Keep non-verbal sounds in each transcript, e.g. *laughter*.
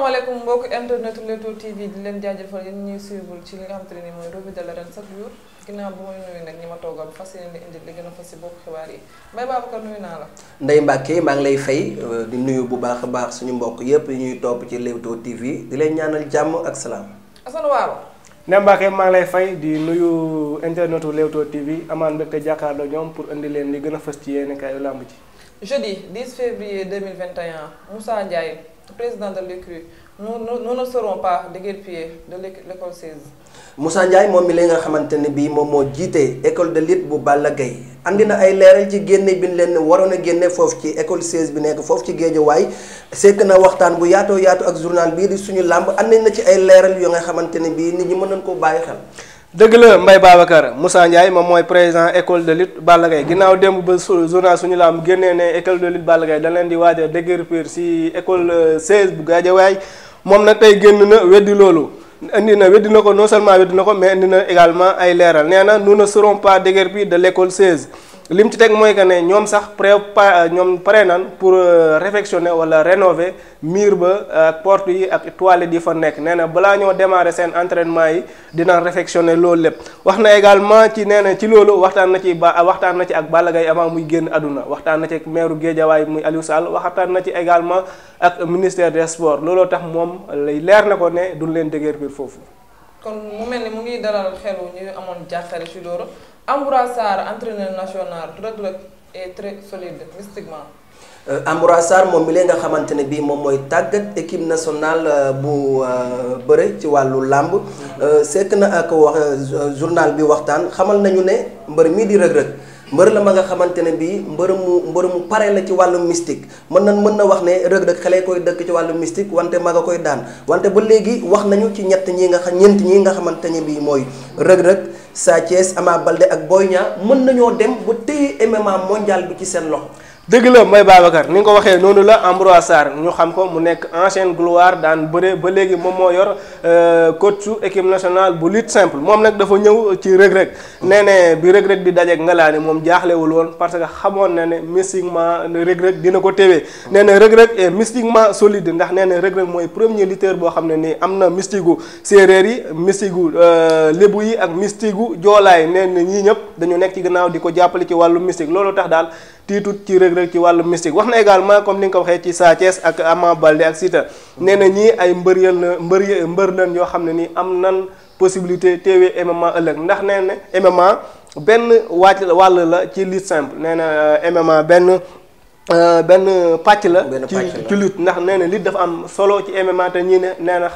asalaamaaleykum mbokk internet Leewtoo TV di leen jaajëfal yéen ñuy suivre ci li am xamante ne nii mooy revue de l'arène chaque jour ginnaaw bu ma nuyu nag ñi ma toogal fas yéene indi li gën a fas si bopp xibaar yi Mbaye Babacar maa ngi lay fay euh, di nuyu bu baax a baax suñu mbokk yépp yi ñuy topp ci Leewtoo TV di leen ñaanal jàmm ak salaam. Assane Waalo. Ndeye Mbacke maa ngi lay fay di nuyu internet Leewtoo TV amaan mbégte jàkkaarloo ñoom pour indi leen li gën a fas ci yéen kaayu làmb ji. jeudi 10 février 2021 Moussa Ndiaye président de l'écurie nous nous nous ne serons pas déguerpillés de l'école 16. Moussa Ndiaye moom mi la nga xamante ne bii moom moo jiitee école de lutte bu Balla Gaye andi na ay leeral ci génne bi ñu leen waroon a génne foofu ci école 16 bi nekk foofu ci Géejawaay sekk na waxtaan bu yaatoo yaatu ak journal bii suñu làmb andi na ci ay leeral yu nga xamante ne bii nit ñi mën nañ koo bàyyi xel. dëgg la mbay Babacar Moussa Ndiaye moom mooy président école de lutte Balla Gaye ginnaaw démb ba journal suñu la laam génnee ne école de lutte Balla Gaye da leen di waaj a déguerpir si école 16 euh, bu waay moom nag tey génn na weddi loolu indi na weddi na ko non seulement weddi na ko mais indi na également ay leeral nee na nous ne serons pas déguerpis de l' école 16. li mu ci teg mooy que ne ñoom sax pre prépa ñoom pare naan pour euh, réfectionner wala rénover mur ba ak porte yi ak toilettes yi fa nekk nee na balaa ñoo démarrer seen entraînement yi dinaa réfectionner loolu lépp. wax na également ci nee na ci loolu waxtaan na ci ba waxtaan na ci ak Balla Gaye avant muy génn àdduna waxtaan na ci ak maire Guédiawaye muy Aliou Sall waxtaan na ci également ak ministère des sports looloo tax moom lay leer na ko ne du leen dëgër biir foofu. kon mu mel ni mu ngi dalal Amoura Sarr national Reug Reug est très solide mystiquement. Euh, Amoura Sarr moom mi lee nga xamante ne bii moom mooy tàggat équipe nationale euh, bu euh, bëre ci wàllu làmb mm-hmm. sekk na ak wax journal bi waxtaan xamal nañu ne mbër mii di Reug Reug mbër la ma nga xamante ne bii mbër mu mbër mu pare la ci wàllu mystique mën na mën na wax ne Reug Reug xale koy dëkk ci wàllu mystique wante mag a koy daan wante ba léegi wax nañu ci ñett ñi nga xam ñeent ñi nga xamante ne bii mooy Reug Reug Sa Thiès Ama Baldé ak booy Niang mën nañoo dem ba téye MMA mondial bi ci seen loxo dëgg la mooy Babacar ni nga ko waxee noonu la embrois Sarr ñu xam ko mu nekk ancienne gloire daan bëre ba léegi moom moo yor euh, coach su équipe nationale bu lutte simple moom nag dafa ñëw ci Reug Reug nee ne bi Reug nga laa dajeeg moom jaaxlewul woon parce que xamoon na ne mystiquement Reug dina ko téwee nee na Reug Reug est mystiquement solide ndax nee na Reug mooy premier lutteur boo xam ne nii am na mystique gu séeréer yi mystique gu euh, lébu yi ak mystique gu joolaay nee na ñii ñëpp dañu nekk ci gannaaw di ko jàppale ci wàllu mystique loolu tax daal tiitut ci Reug Reug ci wàllu mystique wax na également comme ni nga ko waxee ci Sa Thiès ak Ama Baldé ak Siteu nee na ñii ay mbër yal na mbër mbër lan yoo xam ne nii am na possibilité teewee MMA ëllëg ndax nee na MMA benn wàcc wàll la ci lutte simple nee na euh, MMA benn euh, benn pàcc la ci ci ndax nee na lutte dafa am solo ci MMA te ñii ne nee na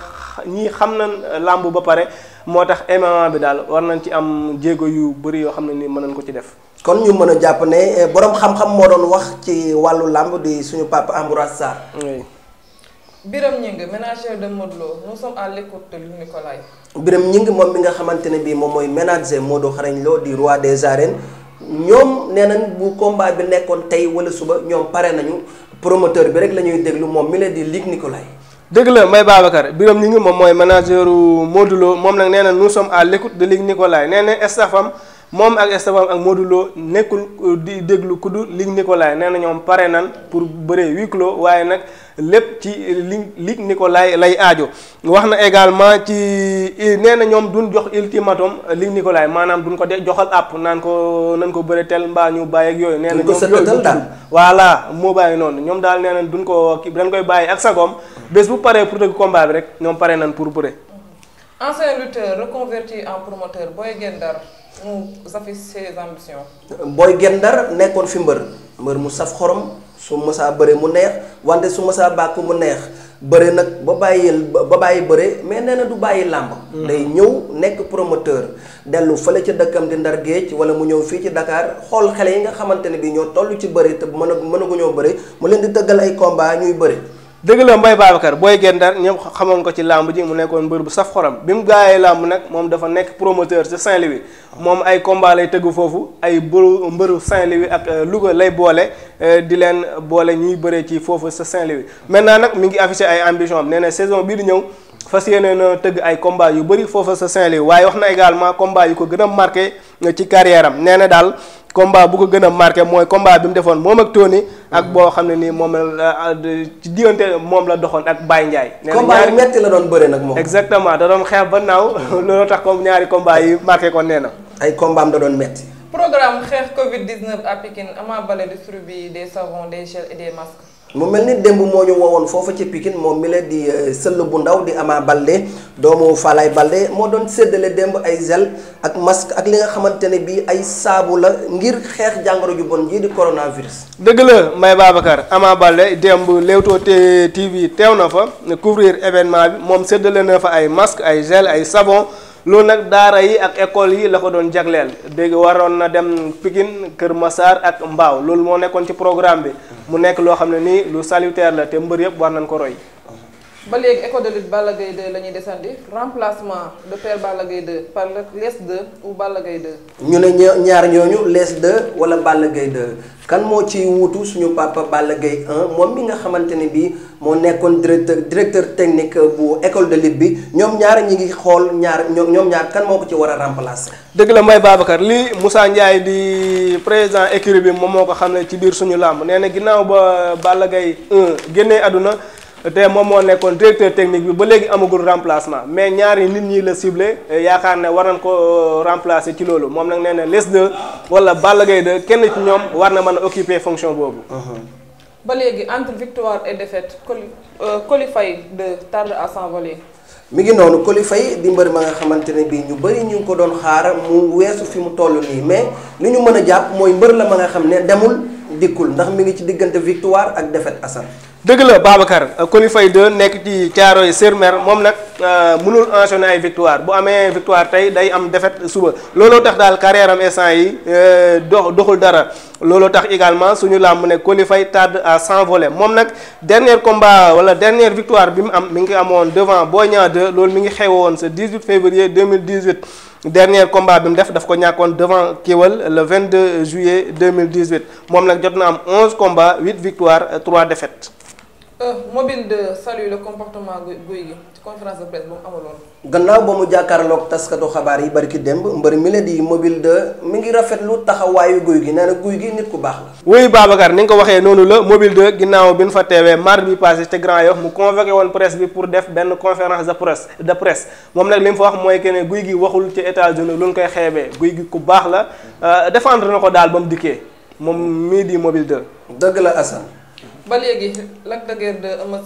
ñii xam na làmb ba pare moo tax MMA bi daal war nañ ci am jéego yu bëri yoo xam ne nii mën nañ ko ci def kon ñu mën a jàpp ne eh, borom xam-xam moo doon wax ci wàllu làmb di suñu papa Ambroise Sarr. oui. Biram Ñing ménager de Modou Lo nous sommes à l'écoute moom mi nga xamante ne bii moom mooy ménager Modou Xarañ Lo di roi des arènes ñoom nee nañ bu combat bi nekkoon tey wala suba ñoom pare nañu promoteur bi rek la ñuy déglu moom mi la di Luc Nicolas. dëgg la Mbaye Babacar Biram Ñing moom mooy ménager Modou Lo moom nag nee na nous sommes à l'écoute de Luc Nicolas nee na staff moom ak Estomac ak Modou nekkul euh, di déglu kuddu Ligue Nicolas nee na ñoom pare nan pour bëree huis clos waaye nag lépp ci Ligue Ligue Nicolas lay aajo. wax na également ci nee na ñoom duñ jox ultimatum Ligue Nicolas maanaam duñ ko de joxal àpp naan ko nan ko bëre tel mbaa ñu bàyyi yooyu. nee na ñoom yooyu voilà moo bàyyi noonu ñoom daal nee nañ duñ ko kii dañ koy bàyyi ak sagoom bés bu paree pour dëgg combat bi rek ñoom pare nan pour bëre. ancien lutteur reconverti en promoteur Boy Guet Ndar mu safi ses ambitions. booy gendar nekkoon fi mbër mbër mu saf xorom su mësaa bëre mu neex wante su mësaa bàkk mu neex bëre nag ba bàyyi ba bàyyi bëre mais nee na du bàyyi làmb mm-hmm. day ñëw nekk promoteur dellu fële ca dëkkam di ndar géej wala mu ñëw fii ci dakaar xool xale yi nga xamante ne bi ñoo toll ci bëre te mën a ñëw bëre mu leen di tëggal ay combat ñuy bëre dëgg la mbay Babacar booy gendar ñoom xamoon ko ci làmb ji mu nekkoon mbër bu saf xoram bi mu gaayee làmb nag moom dafa nekk promoteur ci Saint-Louis moom ay combat lay tëgg foofu ay mbëru mbëru Saint-Louis ak euh, Louga lay boole euh, di leen boole ñuy bëree ci foofu sa Saint-Louis maintenant nag mi ngi affiché ay ambition am nee na saison bii di ñëw fas yéene na tëgg ay combat yu bëri foofa sa saint waaye wax na également combat yu ko gën a marqué euh, ci carrière am nee na daal combat bu ko gën a marqué mooy combat bi mu defoon moom ak Tony ak boo xam ne nii moom la euh, ci diggante moom la doxoon ak Baye Ndiaye. nee metti la doon bëre nag moom. exactement da doon xeex ba naaw *laughs* looloo tax comme ñaari combat yi marqué ko nee na. ay combat da doon metti programme xeex Covid 19 à Pikine Ama Baldé distribue des savons des mu mel ni démb moo ñu woowoon foofa ci Pikine moom mi la di euh, sëll bu ndaw di amaa Baldé doomu Falaay Baldé moo doon séddale démb ay gel ak masque ak li nga xamante ne bii ay saabu la ngir xeex jàngoro ju bon jii di coronavirus. dëgg la May Babacar Ama Baldé démb Leewtoo TV teew na fa couvrir événement bi moom séddale na fa ay masque ay gel ay sabon loolu nag daara yi ak école yi la ko doon jagleel dégg waroon na dem Pikine Kër Massar ak Mbaaw loolu moo nekkoon ci programme bi mu nekk loo xam ne nii lu salutaire la te mbër yëpp war nañ ko roy ba léegi école de lutte Balla gay de lañuy ñuy desandi remplacement de père Balla Gaye 2 par Lac 2 ou Balla Gaye 2. ñu ne ñaar ñooñu les 2 wala Balla Gaye 2 kan moo ci wuutu suñu papa Balla Gaye 1 moom mi nga xamante ne bii moo nekkoon directeur directeur technique bu école de lutte bi ñoom ñaar ñi ngi xool ñaar ñoom ñaar kan moo ko ci war a remplace dëgg la Mbaye Babacar lii Moussa Ndiaye di président écurie bi moom moo ko xam ne ci biir suñu làmb nee na ginnaaw ba Balla Gaye 1 génnee àdduna. te moom moo nekkoon directeur technique bi ba léegi amagul remplacement mais ñaari nit ñi la ciblé yaakaar ne war nañ ko euh, remplacer ci loolu moom nag nee ne les deux wala Balla Gaye 2 kenn ci ñoom war na man a occuper fonction boobu. Uh-huh. ba léegi entre victoire et défaite Coly euh, Coly Faye de tarde à s'envoler. mi ngi noonu Coly Faye di mbër ma nga xamante ne bii ñu bëri ñu ngi ko doon xaar mu weesu fi mu toll nii mais li ñu mën a jàpp mooy mbër la ma nga xam ne demul dikkul ndax mi ngi ci diggante victoire ak défaite Assane. dëgg la Babacar euh, Coly Faye 2 nekk ci caaro sur Mer moom nag euh, mënul enchaîner ay victoire bu amee victoire tey day am défaite suba looloo tax daal carrière am instant yi euh, dox doxul dara looloo tax également suñu làmb ne Coly Faye tarde à 100 volets moom nag dernier combat wala dernière victoire bi mu am mi ngi amoon devant Boy Niang 2 loolu mi ngi xewoon sa 18 février 2018 dernier combat bi mu def daf ko ñàkkoon devant Kewal le 22 juillet 2018 moom nag jot na am 11 combats 8 victoires 3 défaites. Euh, mobile de salut le comportement guy gi ci conférence de presse bu mu amaloon. gannaaw ba mu jàkkaarloog taskatu xabaar yi bari ki démb mbër mi la di mobile de mi ngi rafetlu taxawaayu guy gi nee na guy gi nit ku baax la. wuyu Babacar ni nga ko waxee noonu la mobile de ginnaaw bi ñu fa teewee mardi bi passé te Grand Yoff mu convoqué woon presse bi pour def benn conférence de presse de presse moom nag li mu fa wax mooy que guy gi waxul ci États-Unis koy xeebee guy gi ku baax la euh, défendre na ko daal ba mu moom mii di mobile de. dëgg la Assane. ba léegi Lac de Guiers 2 Eumeu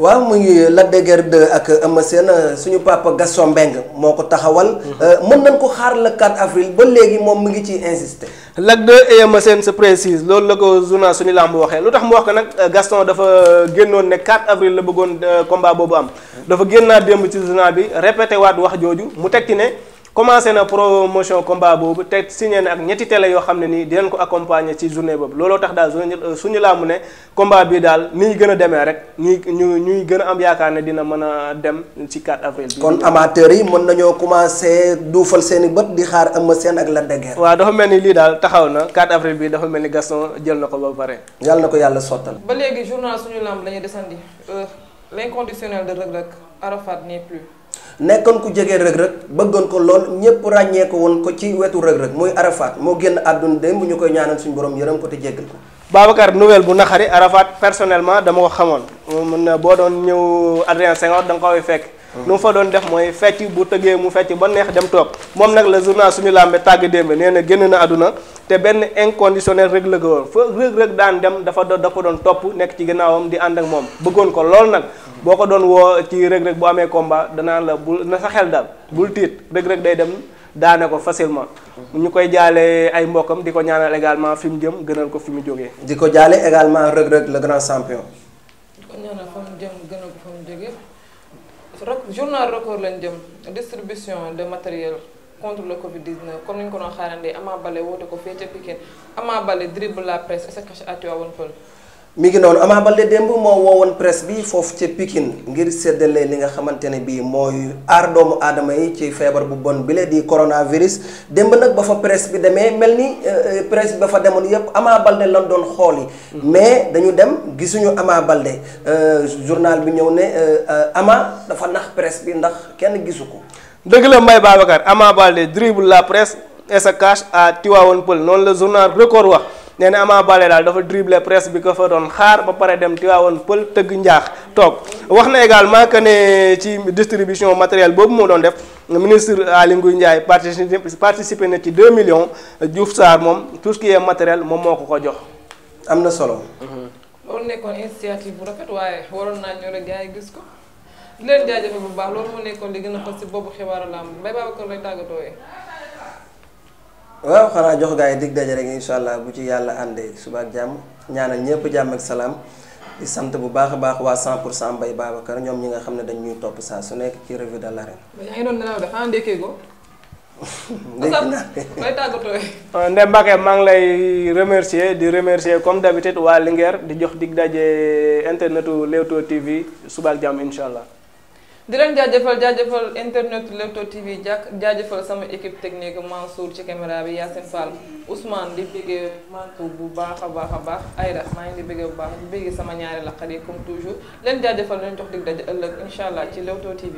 waaw mu ngi Lac de Guiers 2 ak Eumeu Sène suñu papa Gaston Mbengue moo ko taxawal. Mhm. Euh, mën nañ ko xaar le 4 avril ba léegi moom mu ngi ci insister. Lac 2 et Eumeu Sène loolu la ko journal suñu laa mu waxee lu tax mu wax ko nag euh, Gaston dafa génnoon ne 4 avril la bëggoon euh, combat boobu am. dafa génnaat démb ci journal bi répété waat wax jooju mu teg ci ne. commencé na promotion combat boobu te signé na ak ñetti télé yoo xam ne nii dinañ ko accompagner ci journée boobu looloo tax daal suñu laamu ne combat bi daal ni ñu gën a demee rek ñuy ñu ñuy gën a am yaakaar ne dina mën a dem ci 4 avril. kon amateur yi mën nañoo commencé duufal seen bët di xaar Eumeu seen ak la de Guiers. waaw dafa mel ni lii daal taxaw na 4 avril bi dafa mel ni Gaston jël na ko ba pare. yàlla na ko yàlla sottal. ba léegi journal suñu lamb la ñuy desandi euh, l'inconditionnel de Reug nekkoon ku jege rëg-rëg bëggoon ko lool ñëpp ràññee ko woon ko ci wetu rëg-rëg muy Arafat moo génn àdduna démb ñu koy ñaanal suñu borom yërëm ko te jéggal ko. Babacar nouvelle bu naxari Arafat personnellement dama ko xamoon mun na boo doon ñëw Adrien Senghor da koy fekk. Hmm. lu mu fa doon def mooy fecc bu tëggee mu fecc ba neex dem toog moom nag la journal suñu làmbee tàgg démb nee na génn na àdduna te benn inconditionnel rëg la ko woon fa rëg-rëg daan dem dafa do da ko doon topp nekk ci ginnaawam di ànd ak moom bëggoon ko lool nag. boo ko doon woo ci rëg-rëg bu amee combat danaa la bul na sa xel daal bul tiit rëg-rëg day dem daane ko facilement. ñu koy jaalee ay mbokkam di ko ñaanal également fi mu jëm gënal ko fi mu jógee. di ko jaale également rëg-rëg le grand champion. di ko ñaanal fa mu jëm gënal ko fa mu jógee rek journal record lañ jëm distribution de matériel. contre le Covid 19 comme ni ñu ko doon xaarandee Ama Baldé woote ko fee ca Pikine Ama Baldé dribble la presse et se cache à Tivaouane Peulh mi ngi noonu Ama Baldé démb moo woon presse bi foofu ca pikin ngir séddale li nga xamante ne bii mooy aar doomu aadama yi ci feebar bu bon bi bile di coronavirus démb nag ba fa presse bi demee mel ni euh, euh, presse bi ba fa demoon yëpp Ama Baldé lan doon xooli. mais dañu dem gisuñu Ama Baldé euh, journal bi ñëw ne Ama dafa nax presse bi ndax kenn gisu ko. dëgg la Mbaye Babacar Ama Baldé dribble la presse et à Tivaouane Peulh noonu la journal record wax. nee na Ama daal dafa dribblé presse bi ko fa doon xaar ba pare dem Tivaouane Pël tëgg njaax toog wax na également que ne ci distribution matériel boobu moo doon def ministre Aly Ngouille Ndiaye participé na ci 2 millions Diouf Sarr moom tout ce qui matériel moom moo ko ko jox am na solo. loolu nekkoon initiative bu rafet waaye waroon naa ñëw rek gars yi gis ko di leen jaajëfal bu baax loolu moo nekkoon li gën a fas si boobu xibaaru làmb mbay tàggatoo waaw xanaa jox gaa yi dig daje rek incha allah bu ci yàlla àndee suba ak jàmm ñaanal ñëpp jàmm ak salaam di sant bu baax a baax waa 100 pour cent Mbaye Babacar ñoom ñi nga xam ne dañ ñuy topp saa su nekk ci revue de l'arène. mais yaa ngi doon nelaw *laughs* euh, maa ngi lay remercier di remercier comme d'habitude waa Linguère di jox dig daje internetu Leewtoo TV suba ak jàmm incha di leen jaajëfal jaajëfal internet Leewtoo TV jàkk jaajëfal sama équipe technique Mansour ci caméra bi Yacine Fall Ousmane di bëggee Mansour bu baax a baax a baax Aïda maa ngi di bëggee bu baax di bëggee sama ñaari laqar yi comme toujours leen jaajëfal leen jox dig daje ëllëg incha allah ci Leewtoo TV.